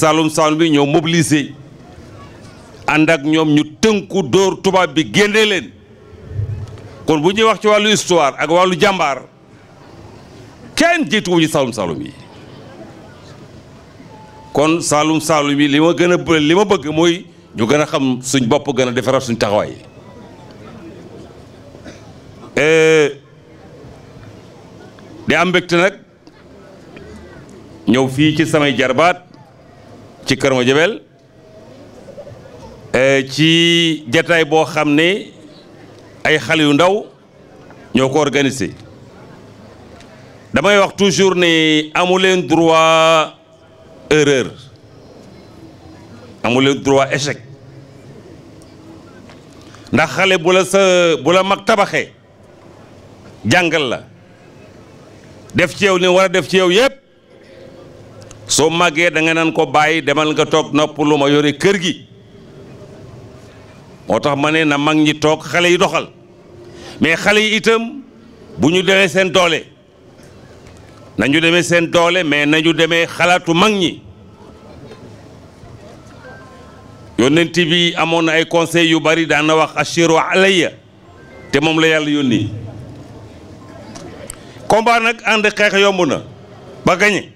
salum salum bi ñoo mobiliser and ak ñom ñu tënku dóor tuba bi leen kon bu ñuy wax ci walu histoire ak walu jambar kenn jiitu ñu kon salum salum bi lima gëna gën lima bëgg moy ñu gëna xam suñ bop gëna a suñ taxaway euh di am nak fi ci samay jarbat ci Kër Madiabel eh, ci jataay boo xam ne ay xale yu ndaw ñoo ko organisé damay wax toujours ne amuleen leen droit erreur amu leen droit échec ndax xale bu la sa bu la mag tabaxe jàngal la def ci yow li war def ci yow yépp so magge da nga nan ko bàyyi demal nga tok noppalu ma yori keur gi motax mané na mag ñi tok xalé yi doxal mais xalé yi itam buñu ñu sen seen nañu démé sen doole mais nañu démé xalaatu mag ñi yonenti bi amone ay conseil yu bari da na wax ashiru alayya té mom la yalla yoni combat nak xex ba gagner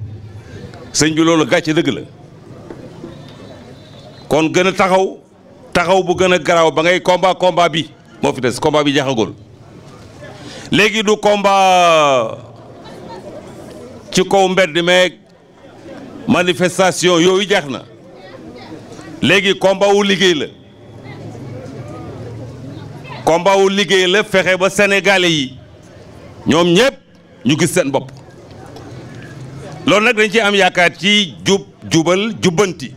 C'est bi lolou gatch deug la kon gëna a taxaw taxaw bu gëna a ba ngay combat combat bi mo fi combat bi du combat ci ko mbedd manifestation yoyu jaxna na combat wu la combat wu la ba sénégalais yi ñom loolu nag dañ ci am yaakaar ci jub jubal jubbanti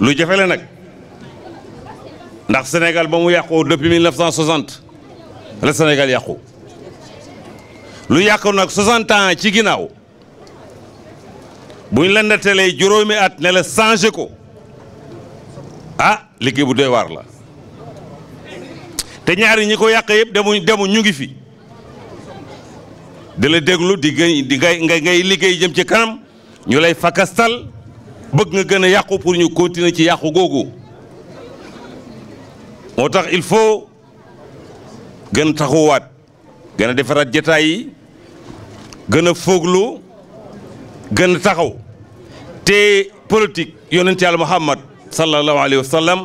lu jafe la nag ndax Sénégal ba mu yàqu depuis 1960 la Sénégal yàqu lu yàqu nag 60 ans ci ginnaaw bu ñu la juróomi at nela la ko ah liggéey bu doy waar la te ñaari ñi ko yàq yëpp demu demu ñu ngi fi. dala déglu di gën di ngay ngay liggéey jëm ci kanam ñu lay fakastal bëgg nga gën a yàqu pour ñu continuer ci yàqu googu moo tax il faut gën a taxuwaat gën a defaraat jataay yi gën a fooglu gën taxaw te politique yonent yàlla Muhammad sallallahu alayhi wa sallam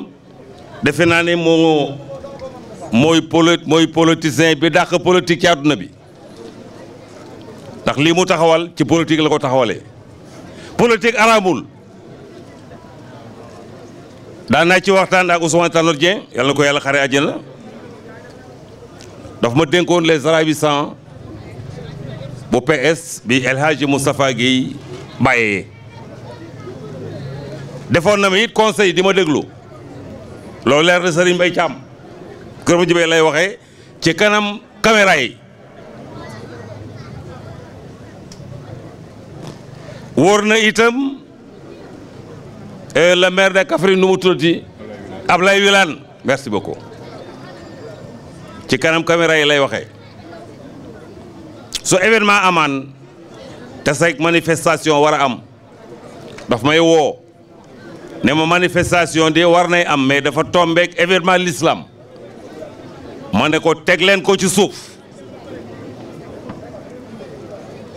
defe naa ne moo mooy polo mooy politicien bi dàq politique ci àdduna bi ndax lii mu taxawal ci politique la ko taxawalee politique araamul daan naa ci waxtaan ak Ousmane Tanor Dieng yàlla na ko yàlla xare àjjana daf ma dénkoon les arabisants bu PS bi El Hadji Moustapha bàyyee defoon na ma it conseil di ma déglu loolu leer na Serigne Mbaye Thiam kër ma jibee lay waxee ci kanam caméra yi warna item, itam eh, le maire de Kafri nous ablay Ablaye Wilane merci beaucoup ci kanam caméra yi lay un événement Aman te une manifestation wara am daf may manifestation de warnay am mais dafa un événement l'islam ma ko ko ci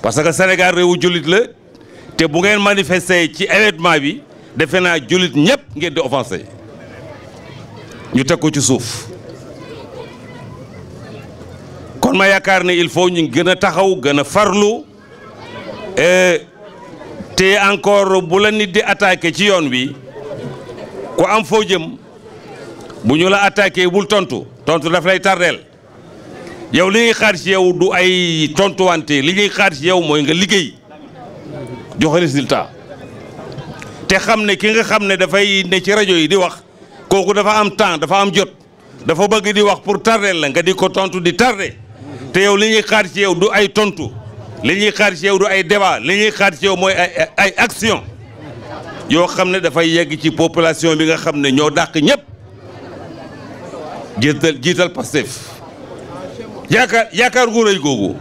parce que Sénégal te bu ngeen manifester ci événement bi defe naa jullit ñëpp ngeen di offensé ñu teg ko ci suuf kon ma yaakaar ne il faut ñu gën a taxaw gën a farlu e te encore bu la nit di attaqué ci yoon wi ku am foo jëm bu ñu la attaqué bul tontu tontu daf lay tardeel yow li ñuy xaar ci yow du ay tontuwante li ñuy xaar ci yow mooy nga liggéey joxe résultat te xam ne ki nga xam ne dafay ne ci rajo yi di wax kooku dafa am temps dafa am jot dafa bëgg di wax pour tardé la nga di ko tontu di tardé te yow li ñuy xaar ci yow du ay tontu li ñuy xaar ci yow ay débat li ñuy xaar ci mooy ay ay yoo xam ne dafay yegg ci population bi nga xam ne ñoo dàq ñëpp jiital jiital Pastef yaakaar yaakaar gu rëy kooku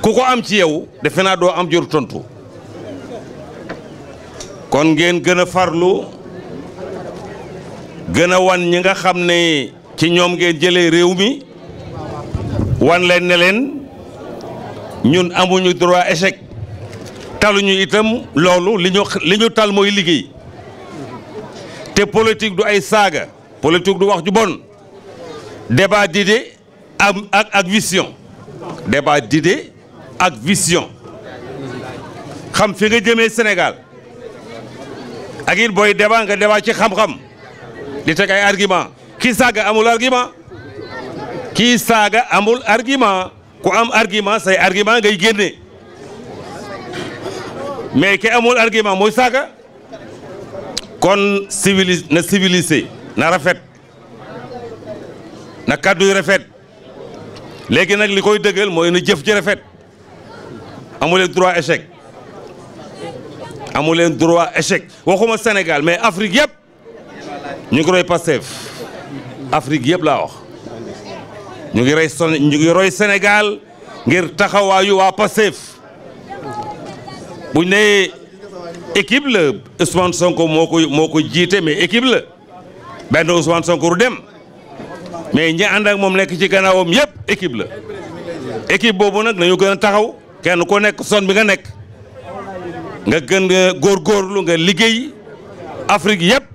ku ko am ci yow defe naa doo am jur tontu. kon ngeen gën a farlu gën a wan ñi nga xam ne ci ñoom ngeen jëlee réew mi wan leen ne leen ñun amuñu droit échec taluñu itam loolu li ñu tal mooy liggéey te politique du ay saaga politique du wax ju bon débat d'idée ak ak ak vision débat d'idée ak vision xam fi nga jëmee Sénégal ak it booy débat nga débat ci xam-xam di teg ay argument kii saaga amul argument kii saaga amul argument ku am argument say argument ngay génne mais ki amul argument mooy saaga kon civilis na civilisé na rafet na kàddu yu rafet léegi nag li koy dëggal mooy na jëf ji rafet amul amuleen droit échec amu leen droit echec waxuma Sénégal mais Afrique yëpp ñu ngi roy Pastef Afrique yëpp laa wax ñu ngi roy ñu ngi roy Sénégal ngir taxawaayu waa Pastef bu ne équipe la Ousmane Sonko moo ko moo ko jiite mais équipe la benn Ousmane Sonko du dem mais ñi ànd ak moom nekk ci gannaawam yëpp équipe la équipe boobu nag nañu gën a taxaw kenn ku nekk son bi nga nekk. nga gën góor góorgóorlu nga liggéey Afrique yëpp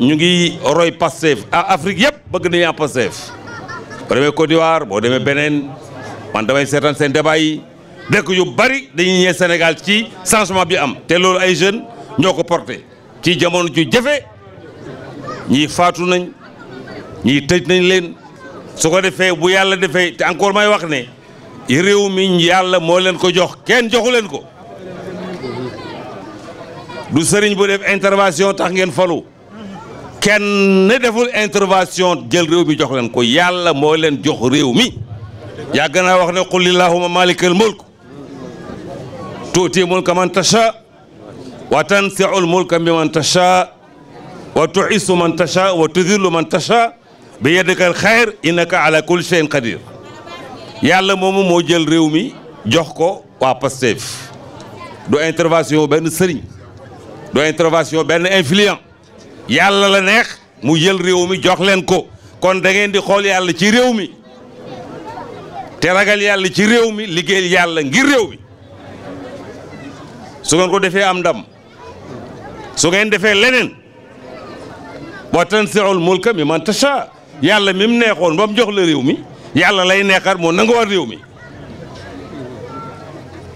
ñu ngi roy Pastef Afrique yëpp bëgg nañu am Pastef boo demee Côte boo demee beneen man damay seetaan seen débat yi dëkk yu bari dañuy ñëw Sénégal ci changement bi am te loolu ay jeunes ñoo ko porté ci jamono ju jafe ñii faatu nañ ñii tëj nañ leen su ko defee bu yàlla defee te encore may wax ne réew mi yàlla moo leen ko jox kenn joxu leen ko. du serigne bu def intervention tax ngeen ken ne deful intervention djel rew mi jox len ko yàlla mo len jox rew mi yàgg naa wax ne qul lillahuma malikal mulk tuti mulka man tasha wa tansiul mulka bi man tasha wa tuisu man tasha wa tudhillu man tasha bi yadikal khair innaka ala kul shay'in qadir yàlla moomu mo djel rew mi jox ko wa Pastef do intervention ben serigne doo intervention benn influent yàlla la neex mu jël réew mi jox leen ko kon da ngeen di xool yàlla ci réew mi te ragal yàlla ci réew mi liggéeyal yàlla ngir réew mi su ngeen ko defee am ndam su ngeen defee leneen wa tansiul mulka mi man tasha yàlla mi mu neexoon ba mu jox la réew mi yàlla lay neexar moo nanga war réew mi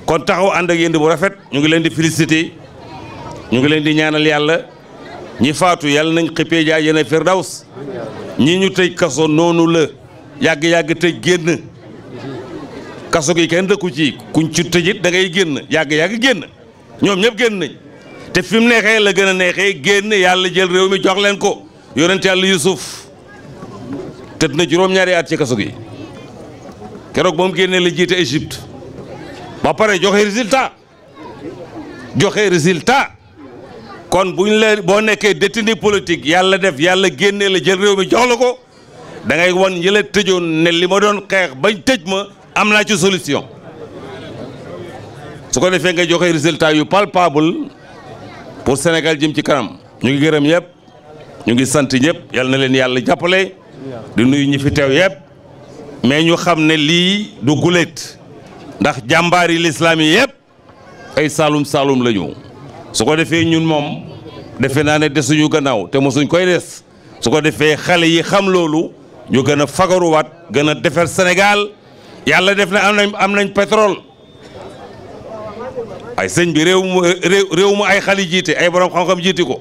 kon taxaw ànd ak yéen bu rafet ñu ngi leen di féliciter ñu ngi leen di ñaanal yàlla ñi faatu yàlla nañ xippee jaajëna firdaws ñii ñu tëj kaso noonu la yàgg-yàgg tëj génn kaso gi kenn dëkku ci kuñ ci tëjit da ngay génn yàgg-yàgg génn ñoom ñëpp génn nañ te fi mu neexee la gën a neexee génn yàlla jël réew mi jox leen ko yonent yàlla Yuusuf tëdd na juróom-ñaari at ci kaso gi keroog ba mu génnee la jiite Égypte ba pare joxe résultat joxe résultat kon bu ñu la boo nekkee détenu politique yàlla def yàlla génnee la jël réew mi jox la ko da ngay wan ñi la tëjoon ne li ma doon xeex bañ tëj ma am naa ci solution su ko defee nga joxe résultat yu palpable pour Sénégal jëm ci kanam ñu ngi gërëm yëpp ñu ngi sant ñëpp yal na leen yàlla jàppale di nuyu ñi fi teew yëpp mais ñu xam ne lii du guléet ndax jàmbaar yi lislaam yi yëpp ay saalum saalum la ñu su ko defee ñun moom defe naa ne desuñu gannaaw te mosuñ koy des su ko defee xale yi xam loolu ñu gën a fagaruwaat gën a defar senegaal yàlla def na am nañ am nañ pétrole ay sëñ bi réew mu mu ay xale jiite ay borom xam-xam jiite ko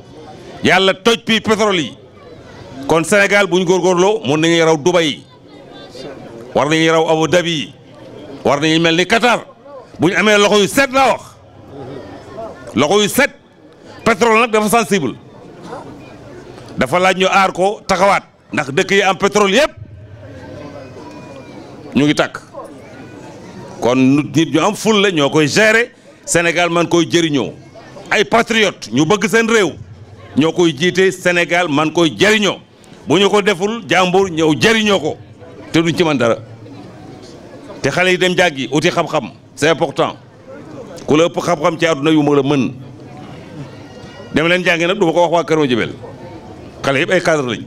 yàlla toj pi pétrole yi kon Sénégal bu ñu góorgóorloo mun nañuy raw Dubai war nañuy raw Abu Dhabi war nañuy mel ni Qatar bu ñu amee loxo yu set laa wax. loxo yu set pétrole nag dafa sensible dafa laaj ñu aar ko taxawaat ndax dëkk yi am pétrole yëpp ñu ngi tàkk kon nit ñu am ful la ñoo koy gérer Sénégal man koy jëriñoo ay patriote ñu bëgg seen réew ñoo koy jiite Sénégal man koy jariñoo boo ñu ko deful jàmbur ñëw jariñoo ko te duñ ci man dara te xale yi dem jàggi uti xam-xam c'est important ku la ëpp xam-xam ci àdduna yu ma la mën dem leen jàngi nag du ma ko wax waa Kër Madiabel xale yëpp ay cadre lañ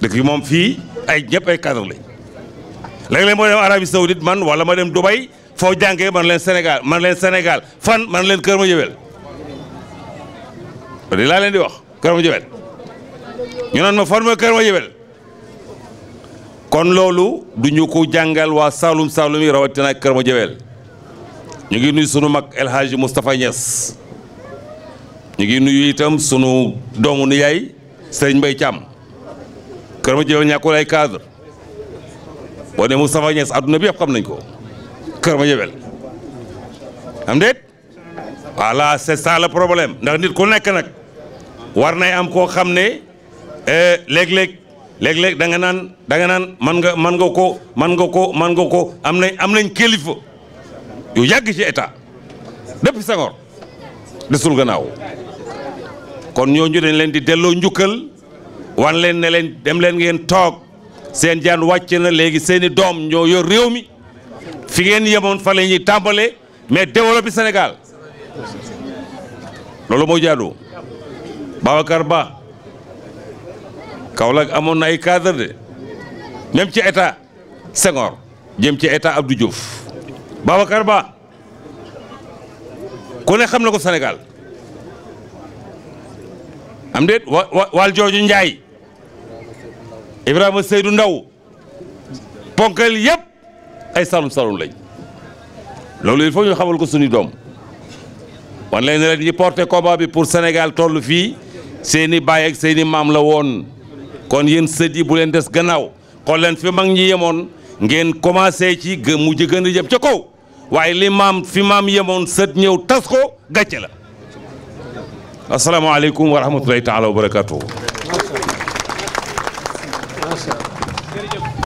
dëkk yi moom fii ay ñëpp ay cadre lañ léeg-léeg moo dem Arabie Saoudite man wala ma dem Dubai foo jàngee man leen Sénégal man leen Sénégal fan man leen Kër Madiabel di laa leen di wax Kër Madiabel ñu naan ma fan ma Kër Madiabel kon loolu du ñu ko jàngal waa Saalum Saalum yi rawatina Kër Madiabel ñu ngi nuy sunu mag El Hadji Moustapha ñu ngi nuyu itam sunu doomu nu yaay Serigne Mbaye Thiam kër ma jëwe ñàkkul ay cadre boo ne Moustapha adduna bi yëpp xam nañ ko kër ma jëwel am déet voilà c'est ça le problème ndax nit ku nekk nag war nay am koo xam ne eh, léeg-léeg léeg-léeg da naan da naan man nga man nga ko man nga ko man nga ko am nañ am nañ kilifa yu yàgg ci état depuis Senghor desul gannaaw kon ñooñu dañ leen di delloo njukkal wan leen ne leen dem leen ngeen toog seen jaan wàcce na léegi seeni doom ñoo yor réew mi fi ngeen yemoon fa la ñuy tàmbalee mais développé Sénégal loolu moo jaadu Babacar Ba Kaolack amoon na ay cadre de ci état Senghor jëm ci état Abdou Diouf. Babacar Ba ku ne xam na ko senegal am déet wa jooju Njaay Ibrahima Seydou Ndaw ponkal yëpp ay salum salum lañ loolu il faut ñu xamal ko suñu doom wan leen ne ñi porté combat bi pour senegal toll fii seeni baay ak seeni maam la woon kon yéen sët yi bu leen des gannaaw xool leen fi mag ñi yemoon ngeen commencé ci gë mujj gën a jëm ca kaw waaye li maam fi maam yemoon sët ñëw tas ko gàcce la asalaamaaleykum wa rahmatulahi taala wa barakatuhu